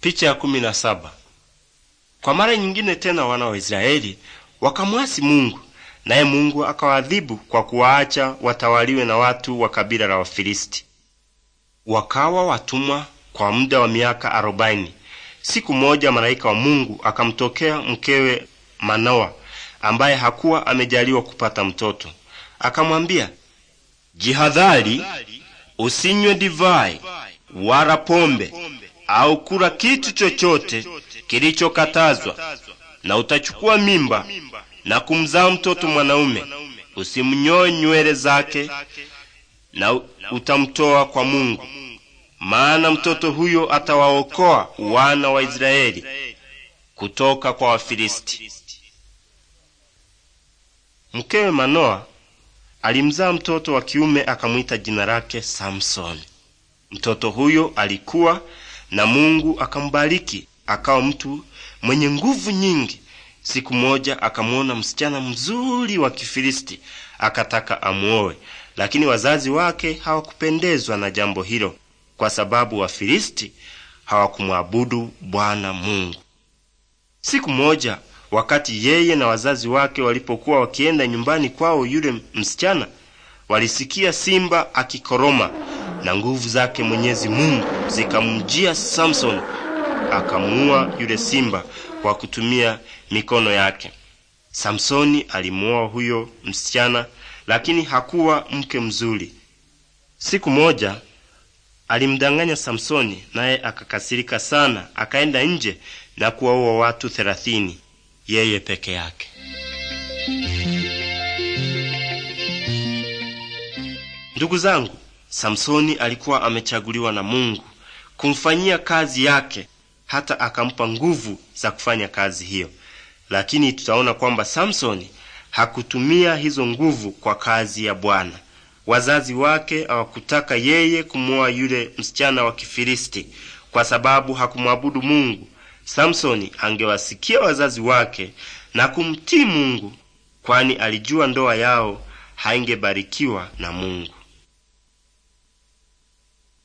Picha ya kumi na saba. Kwa mara nyingine tena wana wa Israeli wakamwasi Mungu, naye Mungu akawaadhibu kwa kuwaacha watawaliwe na watu wa kabila la Wafilisti. Wakawa watumwa kwa muda wa miaka arobaini. Siku moja malaika wa Mungu akamtokea mkewe Manoa, ambaye hakuwa amejaliwa kupata mtoto. Akamwambia, jihadhari, usinywe divai wala pombe au kula kitu chochote kilichokatazwa, na utachukua mimba na kumzaa mtoto mwanaume, usimnyoe nywele zake, na utamtoa kwa Mungu, maana mtoto huyo atawaokoa wana wa Israeli kutoka kwa Wafilisti. Mkewe Manoa alimzaa mtoto wa kiume akamwita jina lake Samsoni. Mtoto huyo alikuwa na Mungu akambariki akawa mtu mwenye nguvu nyingi. Siku moja akamwona msichana mzuri wa Kifilisti akataka amwowe lakini wazazi wake hawakupendezwa na jambo hilo, kwa sababu Wafilisti hawakumwabudu Bwana Mungu. Siku moja wakati yeye na wazazi wake walipokuwa wakienda nyumbani kwao, yule msichana walisikia simba akikoroma na nguvu zake Mwenyezi Mungu zikamjia Samson, akamuua yule simba kwa kutumia mikono yake. Samsoni alimuoa huyo msichana, lakini hakuwa mke mzuri. Siku moja alimdanganya Samsoni, naye akakasirika sana, akaenda nje na kuwaua watu thelathini yeye peke yake. Ndugu zangu, Samsoni alikuwa amechaguliwa na Mungu kumfanyia kazi yake hata akampa nguvu za kufanya kazi hiyo, lakini tutaona kwamba Samsoni hakutumia hizo nguvu kwa kazi ya Bwana. Wazazi wake hawakutaka yeye kumwoa yule msichana wa Kifilisti kwa sababu hakumwabudu Mungu. Samsoni angewasikia wazazi wake na kumtii Mungu, kwani alijua ndoa yao haingebarikiwa na Mungu.